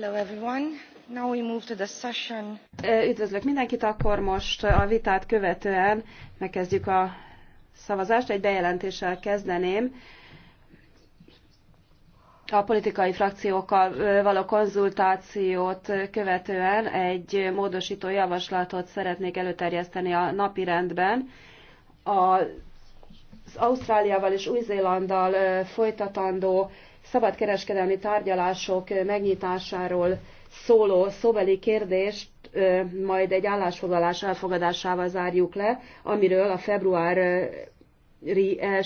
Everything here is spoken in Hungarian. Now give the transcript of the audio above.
Hello everyone. Now we move to the session. Üdvözlök mindenkit, akkor most a vitát követően megkezdjük a szavazást. Egy bejelentéssel kezdeném. A politikai frakciókkal való konzultációt követően egy módosító javaslatot szeretnék előterjeszteni a napi rendben. A az Ausztráliával és Új-Zélanddal folytatandó szabadkereskedelmi tárgyalások megnyitásáról szóló szóbeli kérdést majd egy állásfoglalás elfogadásával zárjuk le, amiről a februári